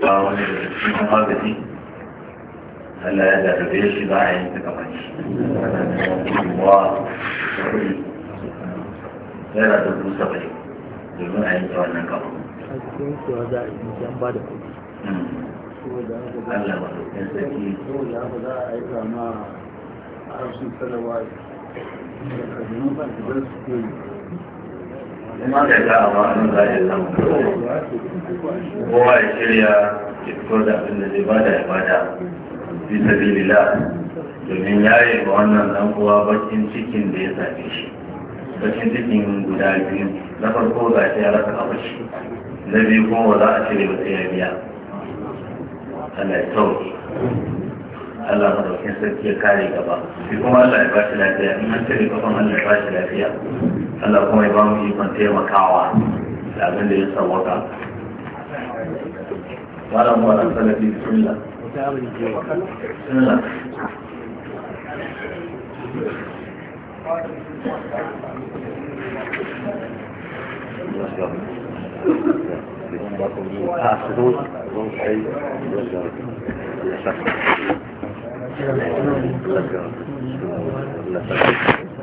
ba wani da cikin Allah ya za a yi da domin a yi ta wannan kama hmm. a cikin da da za a a da su kuma da ta amma an za a zama kowa ya shirya ya fito da abin da zai bada ya bada fi sabilillah domin ya yi ga wannan dan uwa bakin cikin da ya same shi bakin cikin guda biyu na farko ga shi ya rasa abu shi na biyu kuma ba za a cire ba sai ya biya Allah ya sauke Allah madaukin sarki ya kare gaba shi kuma Allah ya ba shi lafiya in an cire kafan Allah ya ba shi lafiya Allah kuma ya ba mu ikon taimakawa da abin da ya sauwaka wala mu wala salafi bismillah bismillah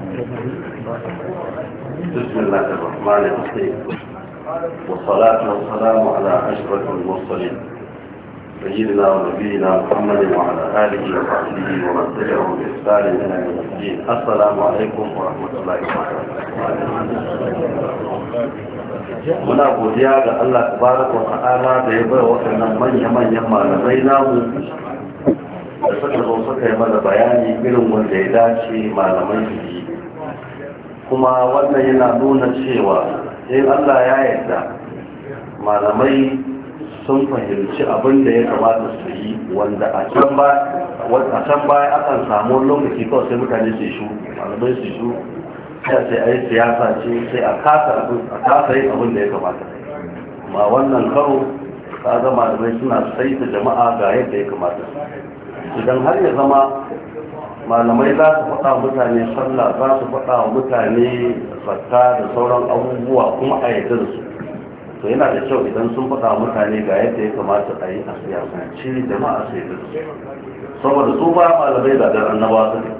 Thank you. بسم الله الرحمن الرحيم والصلاة والسلام على أشرف المرسلين سيدنا ونبينا محمد وعلى آله وصحبه ومن تبعهم بإحسان إلى يوم الدين السلام عليكم ورحمة الله وبركاته muna godiya ga Allah tabaraka wa ta'ala da ya bai waɗannan manya-manyan malamai namu da suka zo suka yi mana bayani irin wanda ya dace malamai su yi kuma wannan yana nuna cewa in allah ya yarda malamai sun fahimci abin da ya kamata su yi wanda a can baya akan samu lokaci kawai sai mutane su shu malamai su shu sai sai a siyasa ce sai a kasa yin abin da ya kamata ma wannan karo ka zama da suna saita jama'a ga yadda ya kamata idan har ya zama malamai za su faɗa mutane sallah za su faɗa mutane zakka da sauran abubuwa kuma a yadda su to yana da kyau idan sun faɗa mutane ga yadda ya kamata a yi a siyasance jama'a sai da su saboda su ba malamai da dan annaba su ne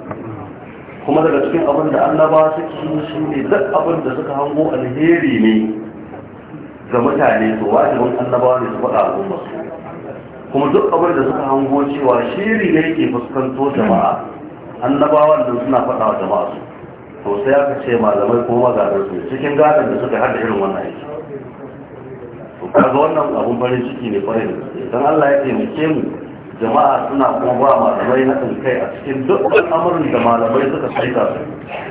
kuma daga cikin abin da annaba suke shi ne duk abin da suka hango alheri ne ga mutane to wajibin annabawa ne su faɗa al'umma kuma duk abin da suka hango cewa shiri ne ke fuskanto jama'a annabawan da suna faɗa wa jama'a su to sai aka ce malamai ko magadar su cikin gadon da suka hada irin wannan aiki to kaga wannan abun farin ciki ne kwarai da gaske don Allah ya taimake mu jama'a suna kuma ba malamai na kai a cikin duk amurin da malamai suka saita su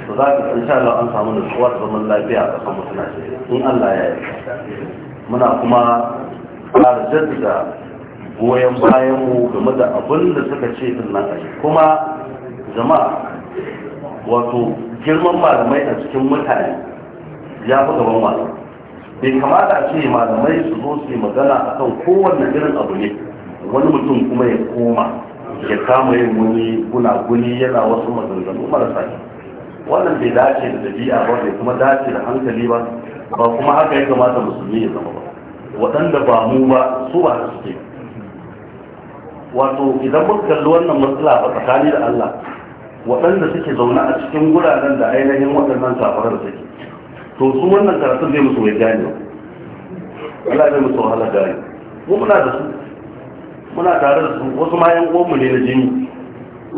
to za ka san Allah an samu nutsuwa da zaman lafiya a kasan mutuna in Allah ya yi muna kuma ƙara jaddada goyon bayan mu game da abin da suka ce din nan kuma jama'a wato girman malamai a cikin mutane ya fi gaban wasu bai kamata a ce malamai su zo su yi magana a kan kowanne irin abu ne wani mutum kuma ya koma ya kama yin wani gunaguni yana wasu maganganu marasa wannan bai dace da dabi'a ba bai kuma dace da hankali ba ba kuma haka ya kamata musulmi ya zama ba waɗanda ba mu ba su ba suke wato idan muka kalli wannan matsala ba tsakani da Allah waɗanda suke zaune a cikin guraren da ainihin waɗannan da suke to su wannan karatun zai musu mai gane Allah zai musu wahala gane mu muna da su muna tare da su wasu ma yan uwanmu ne na jini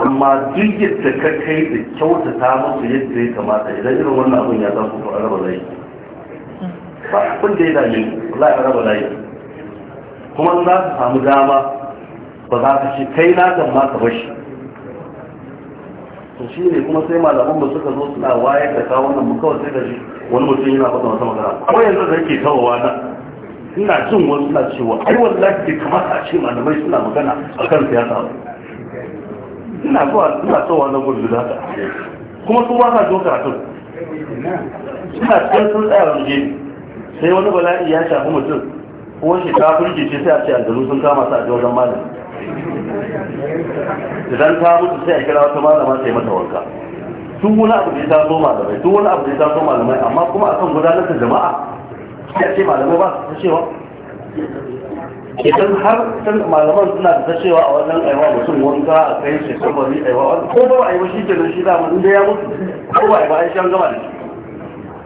amma duk yadda ka kai da kyautata musu yadda ya kamata idan irin wannan abin ya zafi ku araba layi ba abin da ya dame ku lai araba layi kuma za su samu dama ba za ka ce kai na zan ma ka bashi to shi ne kuma sai malaman mu suka zo suna waye da kawo wannan mu kawai sai da shi wani mutum yana fata wata magana kuma yanzu da yake kawowa na ina jin wani suna cewa ai wallahi bai kamata a ce malamai suna magana a kan siyasa ina zuwa ina tsawa na gudu da ta. kuma su ba sa zo karatun suna cikin sun tsaya wani sai wani bala'i ya shafi mutum ko shi ta ce sai a ce aljanu sun kama su a wajen malami idan ta mutu sai a kira wata malama sai mata wanka tun wani abu da ya taso malamai tun wani abu da ya taso malamai amma kuma a kan gudanar da jama'a a ce malamai ba su cewa idan har san malaman suna da cewa a wajen aiwa mutum wanka a kai shi kabari aiwa wani ko ba aiwa shi ke nan shi da mun da ya mutu ko ba aiwa shi an gama da shi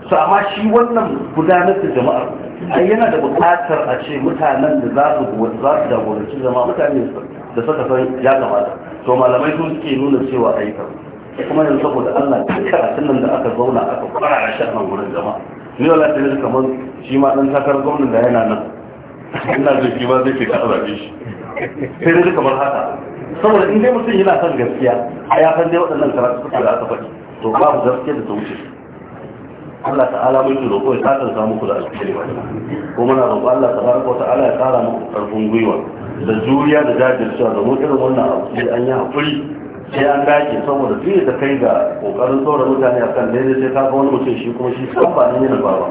su amma shi wannan gudanar da jama'a ai yana da buƙatar a ce mutanen da za su za su jagoranci jama'a mutane su da suka san ya kamata to malamai sun suke nuna cewa a yi kuma yanzu saboda allah duk a nan da aka zauna aka fara a shi nan wurin jama'a ni wala ta da kamar shi ma dan takarar gwamnan da yana nan ina da shi ma zai fita a zaɓe shi sai dai kamar haka saboda in dai mutum yana son gaskiya a ya san dai waɗannan karatu suka da aka faɗi to babu gaskiya da ta wuce Allah ta'ala mun ji roƙo ya samu ku da alƙairi ba kuma na roƙo Allah ta wa ta'ala ya tsara muku ƙarfin gwiwa da juriya da jajircewa da mu irin wannan abu sai an yi hakuri sai an dace saboda fiye da kai ga kokarin tsoron mutane a kan daidai sai ga wani mutum shi kuma shi kan ba ne ba ba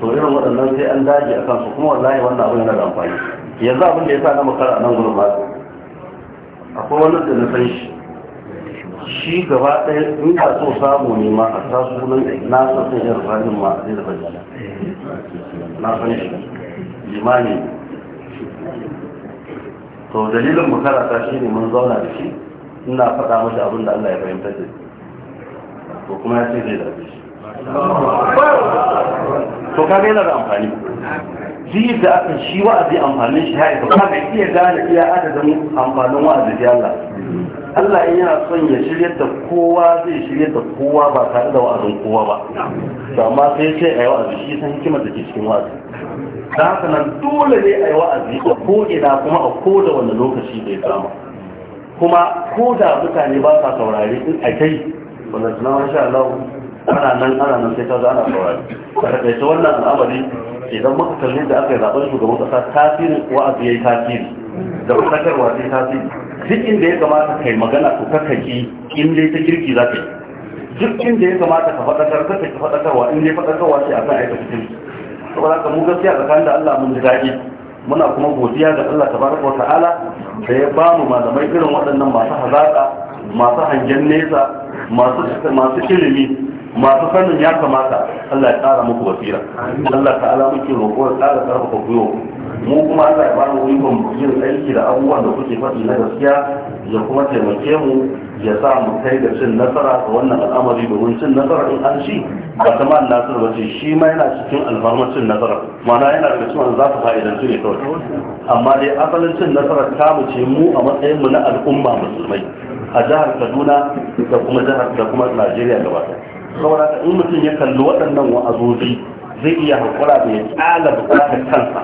to irin waɗannan sai an dace a kansu kuma wallahi wannan abu yana da amfani yanzu abin da ya sa na makara a nan gudun ba akwai wani da na san shi shi gaba ɗaya in ka so samu ne ma a ta sunan na san sai yar fahim ma a zai da na san shi limani to dalilin mu karata shi ne mun zauna da shi ina faɗa mashi abin da Allah ya fahimta da to kuma ya ce zai zaɓe shi to kaga yana da amfani ji da aka shi wa'azi amfanin shi haifa ka bai iya gane iya adadin amfanin wa'azi da Allah Allah in yana son ya shirya da kowa zai shirya da kowa ba tare da wa'azin kowa ba amma sai sai yi wa'azi shi san hikimar da ke cikin wa'azi da haka nan dole ne a yi wa'azi a ko'ina kuma a ko da wanda lokaci bai kama kuma ko da mutane ba sa saurari in a kai wanda suna masha Allah ana nan ana nan sai ta za ana saurari ta takaice wannan al'amari idan muka kalli da aka yi zaɓen shugaban ƙasa tasirin wa'azi ya yi tasiri da faɗakarwa sai tasiri duk inda ya kamata kai magana ko ka kaki in dai ta kirki za ka yi duk inda ya kamata ka faɗakar ka kaki faɗakarwa in dai faɗakarwa ce a kan aikata kirki saboda haka mu gaskiya tsakanin da Allah mun ji daɗi muna kuma godiya ga Allah tabaraka wa ta'ala da ya ba mu malamai irin waɗannan masu hazaƙa masu hangen nesa masu masu ilimi masu sanin ya kamata Allah ya tsara muku basira Allah ta'ala muke roƙo ya tsara karfafa gwiwa mu kuma Allah ya ba mu ikon yin aiki da abubuwan da kuke faɗi na gaskiya ya kuma taimake mu ya sa mu kai da cin nasara ga wannan al'amari domin cin nasara in an ci ba ta man nasir ba ce shi ma yana cikin alfarmar cin nasara mana yana daga cikin za ta fa'idan su ne kawai amma dai asalin cin nasara ta mu ce mu a matsayin mu na al'umma musulmai a jihar kaduna da kuma jihar da kuma najeriya gaba ɗaya saboda in mutum ya kalli waɗannan wa'azoji zai iya haƙura da ya ƙala buƙatar kansa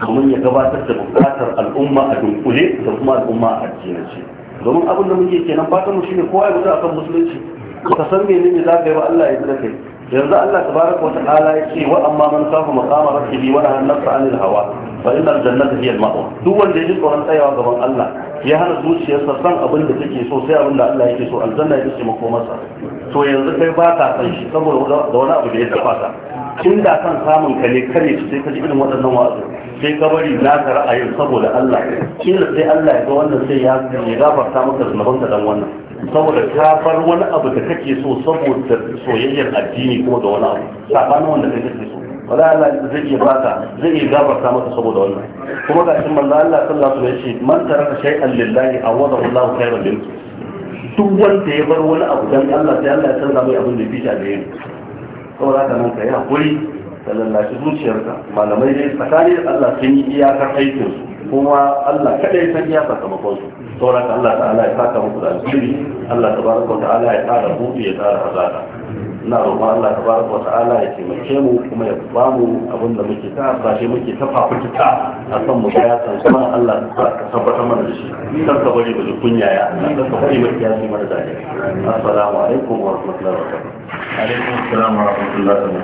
domin ya gabatar da buƙatar al'umma a dunkule da kuma al'umma a jinance domin abin da muke kenan fatan mu shine kowa ya mutu akan musulunci ka san menene za ka yi wa Allah ya zira yanzu Allah tabaraka wa ta'ala ya ce wa amma man safa maqama rabbihi wa nahana nafsa 'anil hawa fa inna al-jannata hiya al-ma'wa duk wanda ya ji tsoron tsayawa gaban Allah ya hana zuciyarsa san abin da take so sai abin da Allah yake so aljanna ya ce makomarsa to yanzu kai ba ka san shi saboda da wani abu da ya tafasa. inda kan samun ka ne kare sai ka ji irin waɗannan wa'azi sai ka bari na ka ra'ayin saboda Allah kila sai Allah ya ga wannan sai ya gafarta maka zunuban ka dan wannan saboda ka bar wani abu da kake so saboda soyayyar addini ko da wani abu sabanin wanda kake so wala Allah zai iya baka zai iya gafarta maka saboda wannan kuma ga shi manzo Allah sallallahu alaihi wasallam man taraka shay'an lillahi awadahu Allahu khairan minhu duk wanda ya bar wani abu dan Allah sai Allah ya canza mai abin da ya fi shi a saboda ka nan ka yi hakuri ka lallashi zuciyarka malamai dai tsakanin Allah sun yi iyakar aikin kuma Allah kadai san iya sakamakon su saboda Allah ta'ala ya saka muku da alheri Allah tabaraka wa ta'ala ya tsara buɗe ya tsara hazaka ina roƙon Allah ta baraka wa ta'ala ya taimake mu kuma ya ba mu abin da muke ta ba shi muke ta fafutuka a san mu ya san kuma Allah ta ka tabbatar mana da shi kar ka bari mu kunya ya Allah kar ka bari mu ji yaji mara dadi assalamu alaikum wa rahmatullahi wa barakatuh alaikum assalam wa rahmatullahi wa barakatuh